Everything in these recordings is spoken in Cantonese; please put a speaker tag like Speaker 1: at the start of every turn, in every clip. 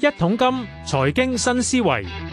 Speaker 1: 一桶金，財經新思維。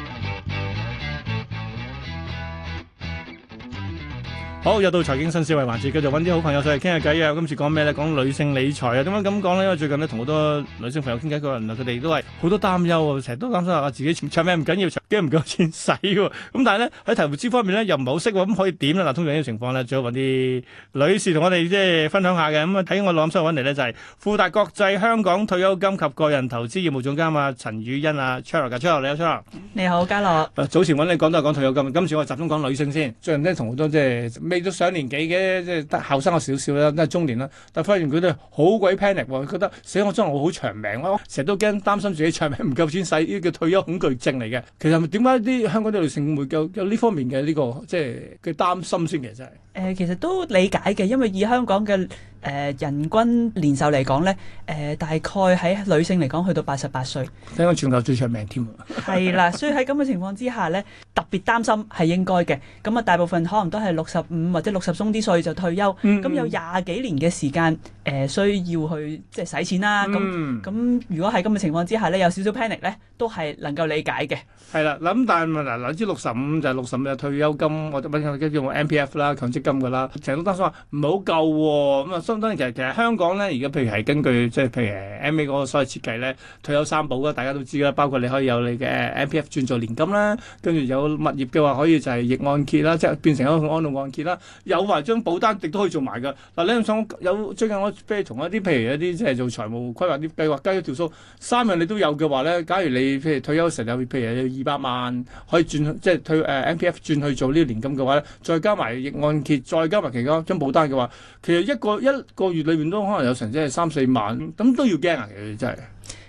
Speaker 1: 好，又到財經新思維環節，繼續揾啲好朋友上嚟傾下偈啊！今次講咩咧？講女性理財啊？點解咁講咧？因為最近咧同好多女性朋友傾偈，佢話原來佢哋都係好多擔憂喎、啊，成日都擔心話、啊、自己唱咩唔緊要，存驚唔夠錢使喎。咁 但係咧喺投資方面咧又唔係好識喎，咁可以點咧？嗱，通常呢啲情況咧，最好揾啲女士同我哋即係分享下嘅。咁啊喺我諗想揾嚟咧就係、是、富達國際香港退休金及個人投資業務總監啊，陳宇昕啊 Cheryl Cheryl 你好 Cheryl 你好嘉樂。早前揾你講都係講退休金，今次我集中講女性先。最近咧同好多即係你都上年紀嘅，即係後生咗少少啦，都係中年啦。但發現佢哋好鬼 panic，覺得,覺得死我將來好長命咯，成日都驚擔心自己長命唔夠錢使，呢個退休恐懼症嚟嘅。其實點解啲香港啲女性會有有呢方面嘅呢、呢個即係嘅擔心先？其實
Speaker 2: 誒、呃，其實都理解嘅，因為以香港嘅。誒人均年壽嚟講咧，誒大概喺女性嚟講去到八十八歲，
Speaker 1: 聽講全球最長命添啊！
Speaker 2: 係啦，所以喺咁嘅情況之下咧，特別擔心係應該嘅。咁啊，大部分可能都係六十五或者六十鬆啲歲就退休，咁有廿幾年嘅時間誒，需要去即係使錢啦。咁咁如果喺咁嘅情況之下咧，有少少 panic 咧，都係能夠理解
Speaker 1: 嘅。係啦，諗但係嗱，兩千六十五就係六十五嘅退休金或者揾緊叫叫我 M P F 啦、強積金㗎啦。成日都擔心話唔係好夠喎，咁啊。咁當然其實其實香港咧，而家譬如係根據即係譬如 M A 嗰個所謂設計咧，退休三保嘅大家都知啦，包括你可以有你嘅 M P F 轉做年金啦，跟住有物業嘅話可以就係逆按揭啦，即係變成一個安老按揭啦，有埋張保單亦都可以做埋㗎。嗱、啊，你諗想有最近我飛同一啲譬如一啲即係做財務規劃啲計劃加咗條數，三樣你都有嘅話咧，假如你譬如退休成日，譬如有二百萬可以轉即係退誒、uh, M P F 轉去做呢個年金嘅話咧，再加埋逆按揭，再加埋其他張保單嘅話，其實一個一個月裏邊都可能有成即係三四萬，咁都要驚啊！其實真係，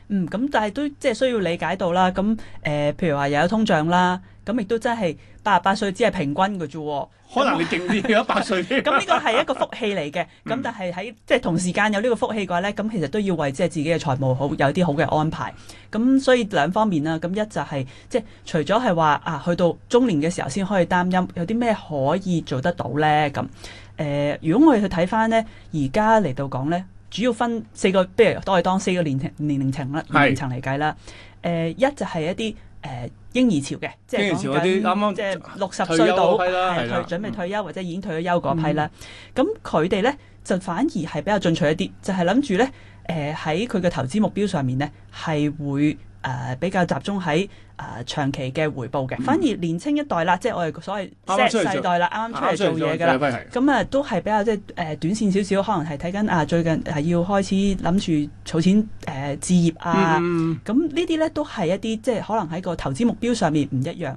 Speaker 2: 嗯，咁但係都即係需要理解到啦。咁誒、呃，譬如話又有通脹啦，咁亦都真係。八十八歲只係平均嘅啫喎，可能你勁啲，
Speaker 1: 一百歲。咁呢個
Speaker 2: 係一個福氣嚟嘅，咁 但係喺即係同時間有呢個福氣嘅話咧，咁其實都要為即係自己嘅財務好有啲好嘅安排。咁所以兩方面啦，咁一就係、是、即係除咗係話啊，去到中年嘅時候先可以擔憂，有啲咩可以做得到咧？咁誒、呃，如果我哋去睇翻咧，而家嚟到講咧，主要分四個，譬如都係當四個年齡年齡層啦，年齡層嚟計啦。誒是、呃，一就係一啲。誒嬰兒潮嘅，即係講緊即係六十歲到係退，的準備退休、嗯、或者已經退咗休嗰批啦。咁佢哋咧就反而係比較進取一啲，就係諗住咧誒喺佢嘅投資目標上面咧係會。誒、呃、比較集中喺誒、呃、長期嘅回報嘅，嗯、反而年青一代啦，即係我哋所謂 Z 世代啦，啱啱出嚟做嘢噶啦，咁啊、呃、都係比較即係誒短線少少，可能係睇緊啊最近係要開始諗住儲錢誒置業啊，咁、嗯啊、呢啲咧都係一啲即係可能喺個投資目標上面唔一樣。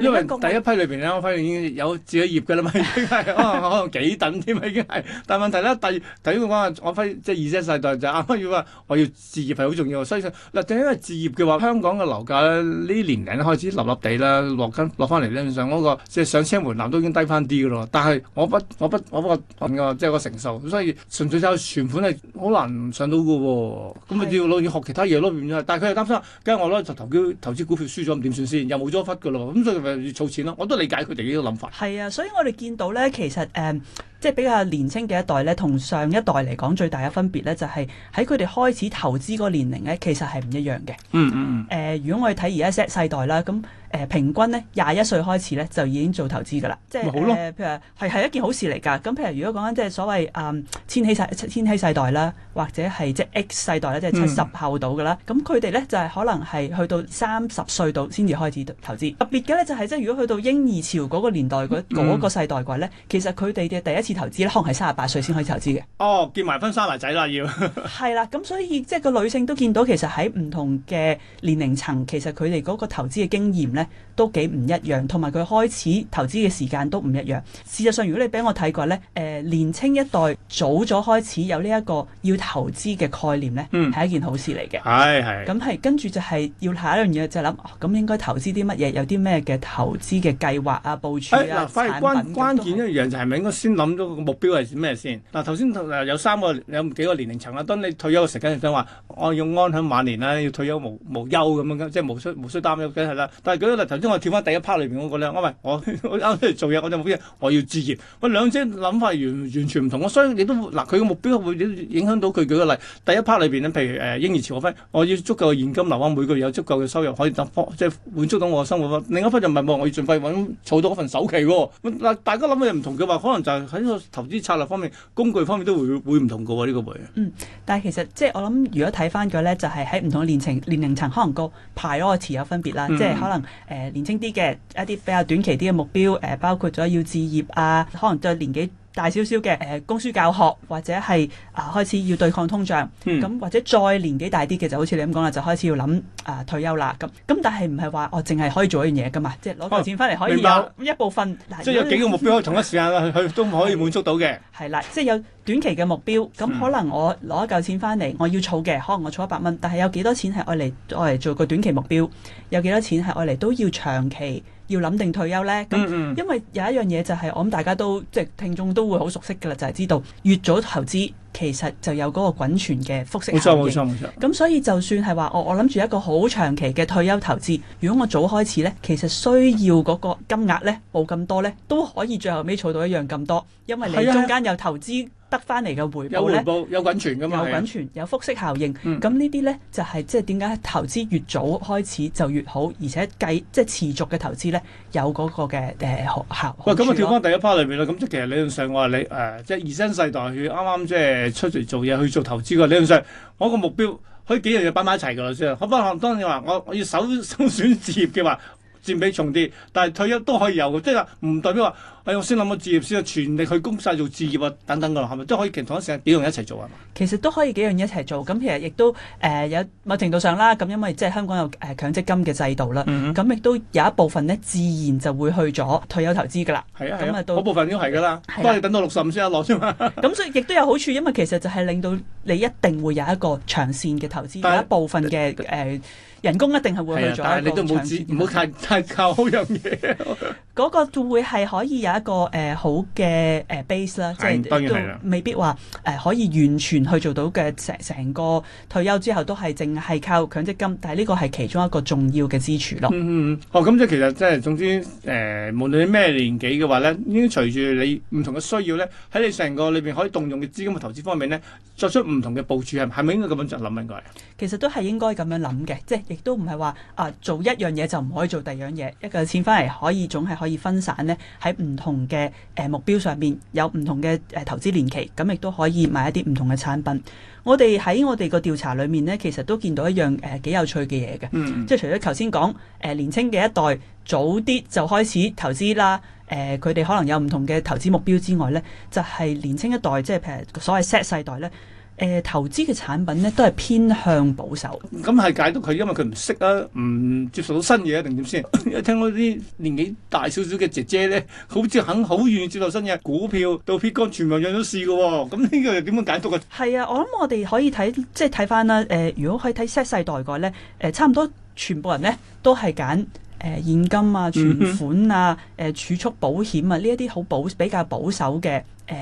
Speaker 1: 因為第一批裏邊咧，我發現已經有自己業嘅啦嘛，已經係可能可能幾等添已經係。但係問題咧，第第二個講啊，我發現即係二十世代就啱啱要話，我要置業係好重要，所以嗱，正因為置業嘅話，香港嘅樓價咧呢年齡開始立立地啦，落緊落翻嚟咧，上嗰個即係上車門檻都已經低翻啲嘅咯。但係我不我不我不我即係我，我，我，我，、就是、我承受，所以純粹就存款係好難上到嘅喎、哦。咁啊是要攞要學其他嘢咯變咗，但係佢又擔心，梗係我攞就投投資股票輸咗點算先？又冇咗一忽嘅咯，咁所咪要儲錢咯，我都理解佢哋呢個諗法。係啊，所以我哋見到咧，
Speaker 2: 其實誒。Uh 即係比較年青嘅一代咧，同上一代嚟講最大嘅分別咧，就係喺佢哋開始投資嗰個年齡咧，其實係唔一樣嘅、嗯。嗯嗯。誒、呃，如果我哋睇 Y 世代世代啦，咁、嗯、誒、呃、平均咧廿一歲開始咧就已經做投資㗎啦。即係、呃、譬如係係一件好事嚟㗎。咁、嗯、譬如如果講緊即係所謂誒千禧世千禧世代啦，或者係即係 X 世代啦，即係七十後到㗎啦，咁佢哋咧就係、是、可能係去到三十歲度先至開始投資。特別嘅咧就係、是、即係如果去到嬰兒潮嗰個年代嗰、那個世代嘅咧，其實佢哋嘅第一次。投資咧，可能係三十八歲先可以投資嘅
Speaker 1: 哦，結埋婚生埋仔啦，要係
Speaker 2: 啦。咁 所以即係、就是、個女性都見到其，其實喺唔同嘅年齡層，其實佢哋嗰個投資嘅經驗咧。都幾唔一樣，同埋佢開始投資嘅時間都唔一樣。事實上，如果你俾我睇過咧，誒、呃、年青一代早咗開始有呢一個要投資嘅概念咧，係、嗯、一件好事嚟嘅。係係。咁係跟住就係要下一樣嘢就諗、是，咁、哦、應該投資啲乜嘢？有啲咩嘅投資嘅計劃啊、部署啊、哎、產品嗰反而關、
Speaker 1: 關鍵一樣就係咪應該先諗咗個目標係咩先？嗱頭先有三個有幾個年齡層啦。當你退休嘅時間，就想話我要安享晚年啦，要退休無無憂咁樣，即係無需無需擔憂，梗係啦。但係佢嗱頭。因為跳翻第一 part 裏邊，我個咧，我唔係我啱出嚟做嘢，我就目標。我要置業，我兩者諗法完完全唔同。我所以亦都嗱，佢嘅目標會影響到佢。舉個例，第一 part 裏邊咧，譬如誒嬰兒潮嗰批，我要足夠嘅現金流啊，每個月有足夠嘅收入可以得即係滿足到我嘅生活。另一 part 就唔係喎，我要盡快揾儲到嗰份首期喎。嗱，大家諗嘅嘢唔同嘅話，可能就係喺個投資策略方面、工具方面都會會唔同嘅喎呢個位。嗯，
Speaker 2: 但係其實即係我諗，如果睇翻咗咧，就係喺唔同嘅年層、年齡層，可能個排嗰個詞有分別啦。嗯、即係可能誒。呃年青啲嘅一啲比較短期啲嘅目標，誒、呃、包括咗要置業啊，可能對年紀大少少嘅誒供書教學或者係啊、呃、開始要對抗通脹，咁、嗯嗯、或者再年紀大啲嘅就好似你咁講啦，就開始要諗啊、呃、退休啦，咁咁但係唔係話我淨係可以做一樣嘢㗎嘛，即係攞個錢翻嚟可以有、啊、有一部分，即係有幾個目標可以同一時間去去 都可以滿足到嘅，係啦，即係有。短期嘅目標，咁可能我攞一嚿錢翻嚟，我要儲嘅，可能我儲一百蚊。但係有幾多錢係愛嚟愛嚟做個短期目標？有幾多錢係愛嚟都要長期要諗定退休呢？咁因為有一樣嘢就係我諗，大家都即係聽眾都會好熟悉㗎啦，就係知道越早投資其實就有嗰個滾存嘅複式。冇錯冇錯冇錯。咁所以就算係話我我諗住一個好長期嘅退休投資，如果我早開始呢，其實需要嗰個金額呢，冇咁多呢，都可以最後尾儲到一樣咁多，因為你中間有投資。得翻嚟嘅回報咧，有滾存噶嘛，有滾存，的有複息效應。咁、嗯、呢啲咧就係即係點解投資越早開始就越好，而且計即係、就是、持續嘅投資咧有嗰個嘅誒校。
Speaker 1: 呃、喂，咁啊跳翻第一 part 裏面啦。咁即其實理論上我話你誒、呃，即係二三世代去啱啱即係出嚟做嘢去做投資嘅理論上，我個目標可以幾樣嘢擺埋一齊噶啦，先可不當然話我我要首選事業嘅話。佔比重啲，但係退休都可以有，即係唔代表話係、哎、我先諗個置業先，全力去供晒做置業啊等等㗎，係咪即都可以同一時間幾樣一齊做啊？
Speaker 2: 其實都可以幾樣一齊做，咁其實亦都誒、呃、有某程度上啦，咁因為即係香港有誒、呃、強積金嘅制度啦，咁亦、嗯嗯、都有一部分咧自然就會去咗退休投資㗎啦。係啊，咁就啊大部分都經係
Speaker 1: 㗎啦，不過要等到六十五先一落啫嘛。
Speaker 2: 咁 所以亦都有好處，因為其實就係令到你一定會有一個長線嘅投資，是有一部分嘅誒。呃人工一定係會去咗、啊、但你都唔好
Speaker 1: 太 太靠好樣嘢。
Speaker 2: 嗰個會係可以有一個誒、呃、好嘅誒、呃、base 啦，即係當然未必話誒、呃、可以完全去做到嘅成成個退休之後都係淨係靠強積金，但係呢個係其中一個重要嘅支柱咯。嗯
Speaker 1: 嗯嗯，哦，咁即係其實即係總之誒、呃，無論你咩年紀嘅話咧，應該隨住你唔同嘅需要咧，喺你成個裏邊可以動用嘅資金嘅投資方面咧，作出唔同嘅部署，係係咪應該咁樣就諗緊㗎？
Speaker 2: 其實都係應該咁樣諗嘅，即係亦都唔係話啊做一樣嘢就唔可以做第二樣嘢，一個錢翻嚟可以總係。可以分散咧，喺唔同嘅誒目標上面，有唔同嘅誒投資年期，咁亦都可以買一啲唔同嘅產品。我哋喺我哋個調查裏面咧，其實都見到一樣誒幾有趣嘅嘢嘅，嗯、即係除咗頭先講誒年青嘅一代早啲就開始投資啦，誒佢哋可能有唔同嘅投資目標之外咧，就係年青一代即係譬如所謂 Z 世代咧。誒、嗯，投資嘅產品咧都係偏向保守。咁
Speaker 1: 係解讀佢，因為佢唔識啊，唔接受到新嘢定點先？一 聽嗰啲年紀大少少嘅姐姐咧，好似肯好願意接受新嘢，股票到撇光，全部樣都試嘅、哦。咁呢個又點樣解讀啊？係啊，我諗我哋可以睇，
Speaker 2: 即係睇翻啦。誒、呃，如果可以睇 Z 世代嘅話咧，誒、呃，差唔多全部人咧都係揀誒現金啊、存款啊、誒儲、嗯哼呃、蓄保險啊呢一啲好保比較保守嘅誒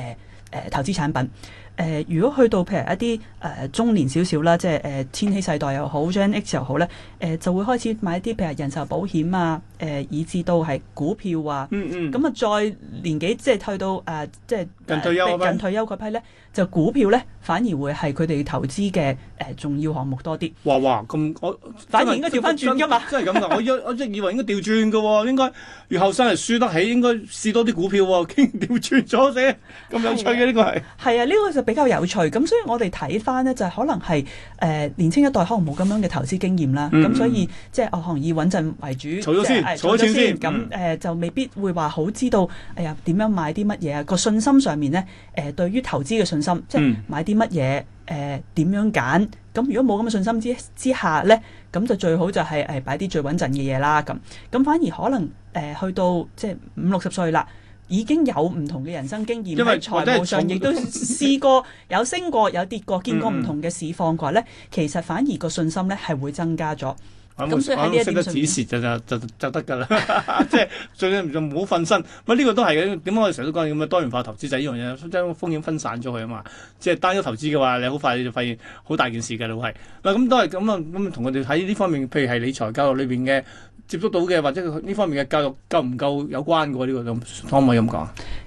Speaker 2: 誒投資產品。誒、呃，如果去到譬如一啲誒、呃、中年少少啦，即係誒千禧世代又好，Gen X 又好咧，誒、呃、就會開始買一啲譬如人壽保險啊，誒、呃、以至到係股票啊。嗯嗯。咁、嗯、啊，再年紀即係退到誒、呃，即係近退休近退休嗰批咧，就股票咧反而會係佢哋投資嘅誒重要項目多啲。哇哇，咁我反而應該調翻轉㗎嘛！真係咁噶，我
Speaker 1: 一我即以為應該調轉嘅喎，應該越後生係輸得起，應該試多啲股票喎，竟然調轉咗啫，咁有趣嘅呢個係。
Speaker 2: 係啊， 呢個就係。 比較有趣，咁所以我哋睇返咧，就係、是、可能係誒、呃、年青一代可能冇咁樣嘅投資經驗啦，咁、嗯、所以即係可能以穩陣為主。坐咗先，坐咗先，咁誒、嗯呃、就未必會話好知道，哎呀點樣買啲乜嘢啊？個信心上面咧，誒、呃、對於投資嘅信心，即係買啲乜嘢，誒、呃、點樣揀？咁、嗯、如果冇咁嘅信心之之下咧，咁就最好就係誒擺啲最穩陣嘅嘢啦。咁咁反而可能誒、呃、去到即係五六十歲啦。已經有唔同嘅人生經驗，喺財務上亦都試過有升過、有跌過，見 過唔同嘅市況嘅話咧，其實反而個信心咧係會增加咗。
Speaker 1: 玩、嗯、識得指示就就就就，就得噶啦， 即係最緊要就唔好瞓身。唔、這、呢個都係嘅。點解我哋成日都講咁多元化投資就係呢樣嘢，將風險分散咗佢啊嘛。即係單一投資嘅話，你好快你就發現好大件事嘅老係。嗱咁都係咁啊，咁同我哋喺呢方面，譬如係理財教育裏邊嘅接觸到嘅，或者呢方面嘅教育夠唔夠有關嘅喎？呢、這個咁可唔可以咁講？誒、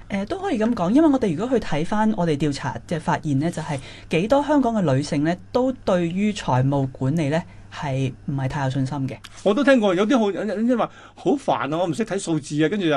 Speaker 1: 呃、都可以
Speaker 2: 咁講，因為我哋如果去睇翻我哋調查嘅、就是、發現呢，就係、是、幾多香港嘅女性呢，都對於財務管理呢。係唔係太有信心嘅？
Speaker 1: 我都聽過，有啲好，有啲話好煩啊！我唔識睇數字啊，跟住又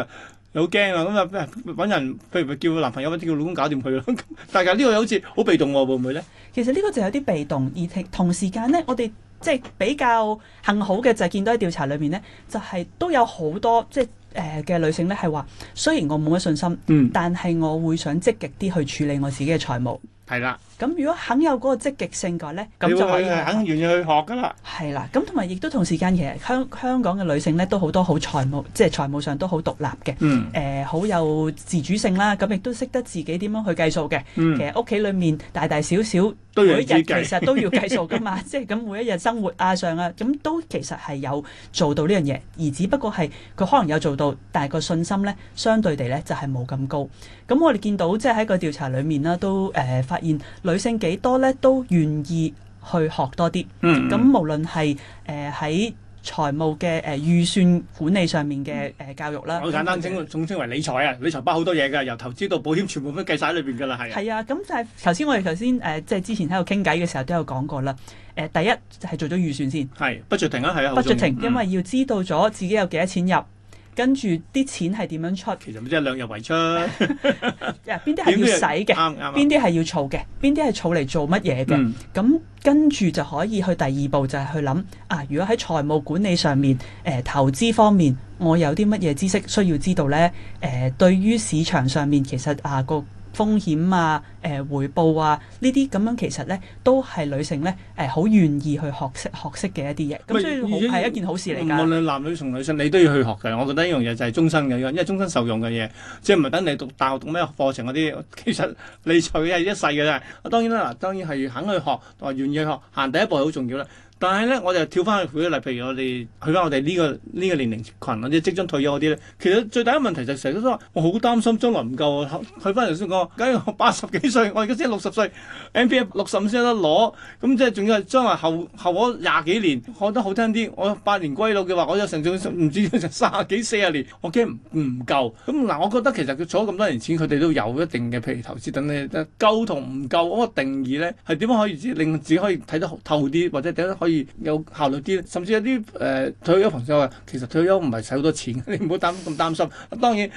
Speaker 1: 好驚啊，咁就揾人，譬如叫個男朋友或者叫老公搞掂佢啦。 但係呢個又好似好被動喎，啊，會唔會咧？其實呢個就有啲被動，
Speaker 2: 而同時間咧，我哋即係比較幸好嘅就係見到喺調查裏面咧，就係、是、都有好多即係誒嘅女性咧係話，雖然我冇乜信心，嗯、但係我會想積極啲去處理我自己嘅財務。係啦，咁、嗯、如果肯有嗰個積極性嘅話咧，
Speaker 1: 咁就可以肯願意去學噶啦。
Speaker 2: 係啦，咁同埋亦都同時間，其實香香港嘅女性咧都好多好財務，即、就、係、是、財務上都好獨立嘅。嗯。誒、呃，好有自主性啦，咁亦都識得自己點樣去計數嘅。嗯、其實屋企裏面大大小小，都每一日其實都要計數噶嘛，即係咁每一日生活啊上啊，咁都其實係有做到呢樣嘢，而只不過係佢可能有做到，但係個信心咧，相對地咧就係冇咁高。咁我哋見到即係喺個調查裏面啦，都誒、呃發女性幾多咧都願意去學多啲，咁、嗯嗯、無論係誒喺財務嘅誒預算管理上面嘅誒、呃、教育啦，好簡單稱、嗯、
Speaker 1: 總稱為理財啊，理財包好多嘢噶，由投資到保險全部都計晒喺裏邊噶啦，係係
Speaker 2: 啊，咁、呃、就係頭先我哋頭先誒即係之前喺度傾偈嘅時候都有講過啦，誒、呃、第一係、就是、做咗預算先，係不絕停啊，係啊，不絕停，因為要知道咗自己有幾多錢入。嗯跟住啲錢係點樣出？其實咪即係量入為出。邊啲係要使嘅？啱啱。邊啲係要儲嘅？邊啲係儲嚟做乜嘢嘅？咁、嗯、跟住就可以去第二步，就係、是、去諗啊！如果喺財務管理上面，誒、呃、投資方面，我有啲乜嘢知識需要知道呢？誒、呃，對於市場上面，其實啊個，風險啊，誒、呃、回報啊，呢啲咁樣其實咧都係女性咧誒好願意去學識學識嘅一啲嘢，咁所以
Speaker 1: 係一件好事嚟㗎。無論男女同女性，你都要去學嘅。我覺得一樣嘢就係終身嘅，因為終身受用嘅嘢，即係唔係等你讀大學讀咩課程嗰啲，其實你退係一世嘅啫。當然啦，嗱，當然係肯去學，話願意去學，行第一步係好重要啦。但係咧，我就跳翻去舉例，譬如我哋去翻我哋呢個呢個年齡群，或者即將退休嗰啲咧，其實最大嘅問題就係成日都話我好擔心將來唔夠。去翻頭先講，假如我八十幾歲，我而家先六十歲，MPF 六十五先有得攞，咁即係仲要係將來後後嗰廿幾年，講得好聽啲。我百年歸老嘅話，我有成將唔止三十幾四十年，我驚唔夠。咁嗱，我覺得其實佢儲咗咁多年錢，佢哋都有一定嘅，譬如投資等你得夠同唔夠嗰個定義咧，係點樣可以自令自己可以睇得透啲，或者有效率啲，甚至有啲誒、呃、退休朋友話：其實退休唔係使好多錢，你唔好擔咁擔心。當然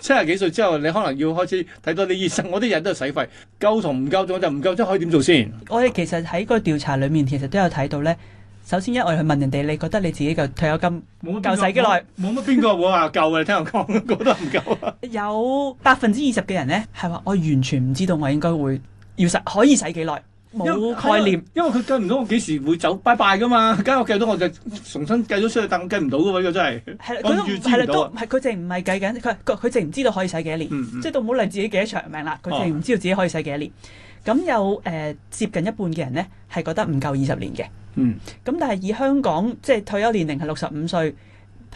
Speaker 1: 七十幾歲之後，你可能要開始睇到你醫生。我啲人都係使費夠同唔夠，咗就唔夠，即係可以點做先？
Speaker 2: 我哋其實喺嗰個調查裏面，其實都有睇到咧。首先一，我去問人哋，你覺得你自己嘅退休金
Speaker 1: 冇乜夠使幾耐？冇乜邊個會話夠啊？聽我講覺得唔
Speaker 2: 夠啊？啊有百分之二十嘅人咧，係話我完全唔知道，我應該會要使可以使幾耐？
Speaker 1: 冇概念，因為佢計唔到我幾時會走，拜拜噶嘛。假如我計到我，我就重新計咗出去，但我計唔到噶喎，這個、真係，的我預知唔到。係啦，都係佢
Speaker 2: 淨唔係計緊，佢佢佢淨唔知道可以使幾多年，嗯嗯即都唔好理自己幾長命啦。佢淨唔知道自己可以使幾多年。咁、哦、有誒、呃、接近一半嘅人咧，係覺得唔夠二十年嘅。嗯。咁、嗯、但係以香港即係退休年齡係六十五歲，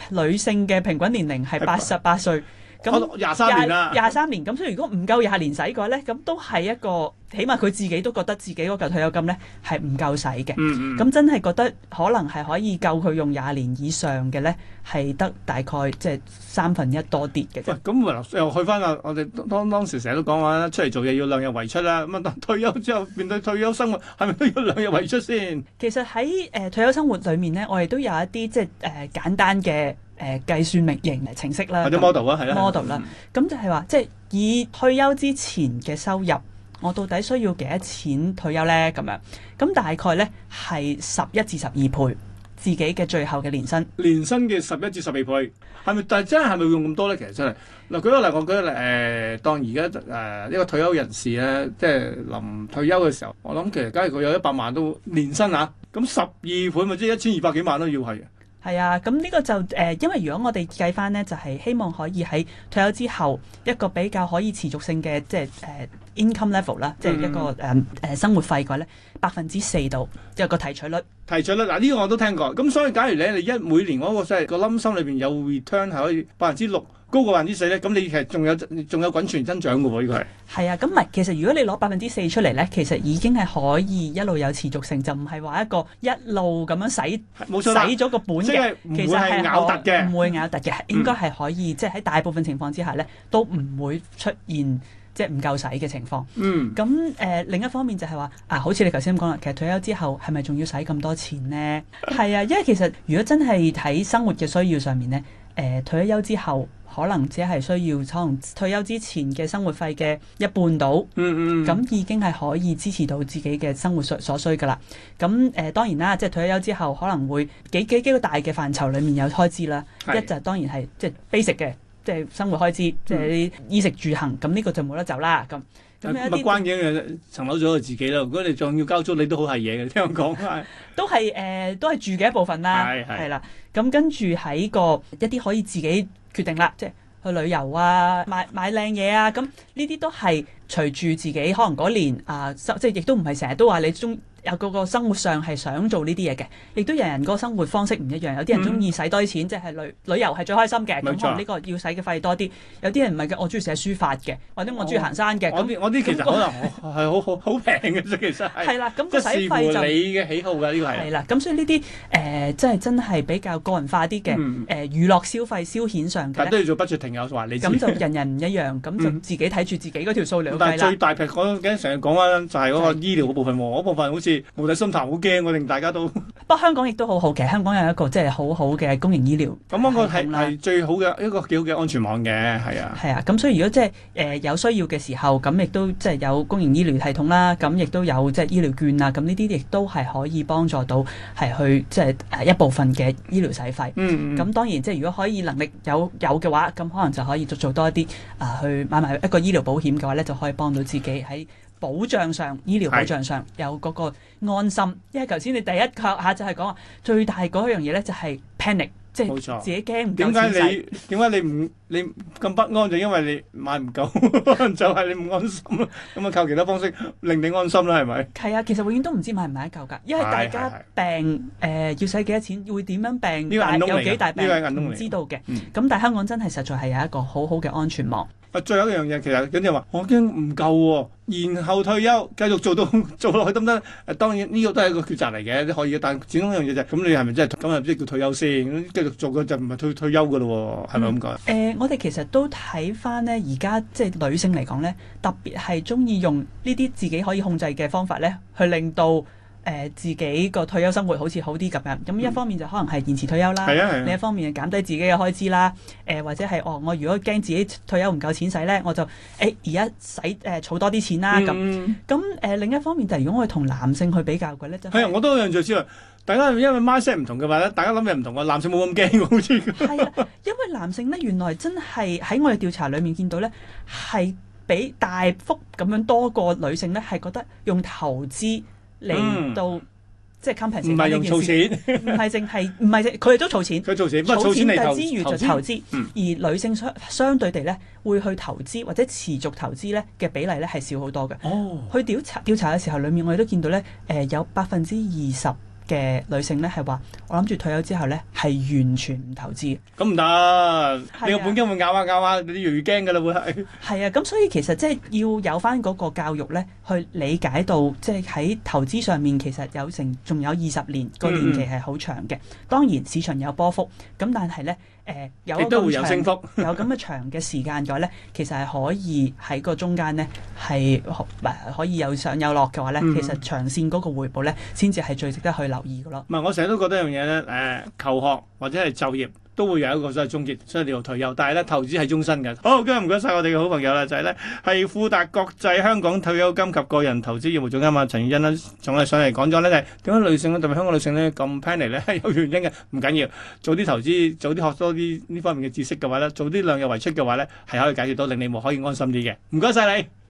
Speaker 2: 女性嘅平均年齡係八十八歲。咁廿三年啦，廿三年咁，所以如果唔夠廿年使嘅話咧，咁都係一個，起碼佢自己都覺得自己嗰嚿退休金咧係唔夠使嘅。咁、嗯嗯、真係覺得可能係可以夠佢用廿年以上嘅咧，係得大概即係三分一多啲嘅啫。咁啊，
Speaker 1: 又去返啊，我哋當當時成日都講話啦，出嚟做嘢要量入為出啦。咁啊，但退休之後面對退休生活，係咪都要量入為出先？
Speaker 2: 其實喺誒、呃、退休生活裡面咧，我哋都有一啲即係誒、呃、簡單嘅。誒、呃、計算明型嘅程式啦，model 啊，model 啦，咁就係話，即係以退休之前嘅收入，我到底需要幾多錢退休咧？咁樣咁大概
Speaker 1: 咧係十一至十二倍自己嘅最後嘅年薪，年薪嘅十一至十二倍，係咪？但真係係咪用咁多咧？其實真係嗱，舉個例，我舉個例誒、呃、當而家誒呢個退休人士咧，即係臨退休嘅時候，我諗其實假如佢有一百萬都年薪啊，咁十二倍咪即係一千二百幾萬都要係。
Speaker 2: 係啊，咁、嗯、呢、這個就誒、呃，因為如果我哋計返咧，就係、是、希望可以喺退休之後一個比較可以持續性嘅即係誒、呃、income level 啦、嗯呃，即係一個誒誒生活費嘅話咧，百分之四度
Speaker 1: 即係個提取率，提取率嗱呢、這個我都聽過，咁所以假如咧你，你一每年嗰個即係個冧心裏邊有 return 係可以百分之六。高過百分之四咧，咁你其實仲有仲有滾存增長嘅喎，呢個
Speaker 2: 係。係啊，咁唔係其實如果你攞百分之四出嚟咧，其實已經係可以一路有持續性，就唔係話一個一路咁樣使冇錯使咗個本嘅，即係其實係咬突嘅，唔會咬突嘅，應該係可以，嗯、即係喺大部分情況之下咧，都唔會出現即係唔夠使嘅情況。嗯。咁誒、呃、另一方面就係話啊，好似你頭先咁講啦，其實退休之後係咪仲要使咁多錢咧？係 啊，因為其實如果真係喺生活嘅需要上面咧，誒、呃、退休之後。可能只係需要可能退休之前嘅生活費嘅一半到，咁、嗯嗯嗯、已經係可以支持到自己嘅生活所所需㗎啦。咁誒當然啦，即係退休之後可能會幾幾幾個大嘅範疇裏面有開支啦。的一就當然係即係 basic 嘅，即係生活開支，即係、嗯、衣食住行。咁呢個就冇得走啦。咁咁一啲物管
Speaker 1: 嘅層樓就自己啦。如果你仲要交租，你都好係嘢嘅。聽我講
Speaker 2: 都係誒、呃、都係住嘅一部分啦，係啦。咁、啊、跟住喺、個一啲可以自己，決定啦，即係去旅遊啊，買買靚嘢啊，咁呢啲都係隨住自己，可能嗰年啊、呃，即係亦都唔係成日都話你中。有個個生活上係想做呢啲嘢嘅，亦都有人個生活方式唔一樣。有啲人中意使多啲錢，即係旅旅遊係最開心嘅。咁我呢個要使嘅費多啲。有啲人唔係嘅，我中意寫書法嘅，或者我中意行
Speaker 1: 山嘅。咁我啲其實可能係好好好平嘅啫。其實係。係啦，咁個使費就係視乎你嘅喜好㗎。呢個係。
Speaker 2: 係啦，咁所以呢啲誒即係真係比較個人化啲嘅誒娛樂消費消遣上嘅。但都要做預算
Speaker 1: 有話你。咁就人
Speaker 2: 人唔一樣，咁就自己睇住自己
Speaker 1: 嗰條數嚟，但係最大平嗰啲成日講返，就係嗰個醫療嗰部分喎。部分好似。無底深潭，好驚我令大家都。
Speaker 2: 不過香港亦都好好嘅。香港有一個即係好好嘅公營醫療。咁嗰個係
Speaker 1: 係最好嘅一個幾好嘅安全網嘅，
Speaker 2: 係啊。係啊，咁所以如果即係誒有需要嘅時候，咁亦都即係有公營醫療系統啦，咁亦都有即係醫療券啊，咁呢啲亦都係可以幫助到係去即係誒一部分嘅醫療使費。嗯。嗯。咁當然即係如果可以能力有有嘅話，咁可能就可以做做多一啲啊去買埋一個醫療保險嘅話咧，就可以幫到自己喺。保障上，醫療保障上是有嗰個安心，因為頭先你第一下就係講話最大嗰樣嘢咧就係 panic，即係錯自己驚。點解洗你
Speaker 1: 點解你唔你咁不安？就因為你買唔夠， 就係你唔安心咁啊， 靠其他方式令你安心啦，係咪？
Speaker 2: 係啊，其實永遠都唔知買唔買得夠㗎，因為大家病誒、呃、要使幾多錢，會點樣病，個有幾大病唔知道嘅。咁但係香港真係實在係有一個
Speaker 1: 好好嘅安全網。嗯最後一樣嘢，其實有啲人話我驚唔夠喎、哦，然後退休繼續做到 做落去得唔得？當然呢、呢個都係一個抉擇嚟嘅，都可以。但始終一樣嘢就係，咁你係咪真係咁？係即知叫退休先，繼續做嘅就唔係退退休嘅咯喎，係咪咁講？
Speaker 2: 誒，我哋其實都睇翻咧，而家即係女性嚟講咧，特別係中意用呢啲自己可以控制嘅方法咧，去令到。誒、呃、自己個退休生活好似好啲咁樣，咁一方面就可能係延遲退休啦，另一方面就減低自己嘅開支啦。誒或者係哦，我如果驚自己退休唔夠錢使咧，我就誒而家
Speaker 1: 使誒儲多啲錢啦。咁
Speaker 2: 咁誒另一方面就係如果我同男性去比較嘅咧，係、就係、
Speaker 1: 啊，我都有印象先啊。大家因為 mindset 唔同嘅嘛，咧大家諗嘅唔同啊。男性冇咁驚嘅好似。係啊，
Speaker 2: 因為男性咧，原來真係喺我哋調查裡面見到咧，係比大幅咁樣多過女性咧，係覺得用投資。嚟到、嗯、即係 compensate 唔係用儲錢，唔係淨係唔係佢哋都儲錢，佢儲 錢，儲錢嚟之餘就投資。投資，嗯、而女性相相對地咧，會去投資或者持續投資咧嘅比例咧係少好多嘅。哦、去調查調查嘅時候，裡面我哋都見到咧，誒、呃、有百分之二十嘅女性咧係話：我諗住退休之後咧係完全唔投
Speaker 1: 資嘅。咁唔得，啊、你個本金會咬下、啊、咬下、啊，你都越驚㗎喇會係。係啊，咁所以其實即係
Speaker 2: 要有返嗰個教育咧，去理解到即係喺投資上面其實有成仲有二十年，個年期係好長嘅。嗯、當然市場有波幅，咁但係咧。誒、呃、有咁長都會有升幅，咁嘅長嘅時間嘅話咧， 其實係可以喺個中間，咧係可以有上有落嘅話咧，其實長線嗰個回報咧先至係最值得去留意嘅咯。
Speaker 1: 唔係、嗯，我成日都覺得一樣嘢咧，誒、呃、求學或者係就業。都會有一個所謂終結，所以你要退休。但係咧，投資係終身嘅。好，今日唔該晒我哋嘅好朋友啦，就係咧係富達國際香港退休金及個人投資業務總監啊，陳宇昕啦，仲係上嚟講咗咧，就係點解女性啊，特別香港女性咧咁 panic 咧，係 有原因嘅。唔緊要，早啲投資，早啲學多啲呢方面嘅知識嘅話咧，早啲量入為出嘅話咧，係可以解決到令你哋可以安心啲嘅。唔該晒你。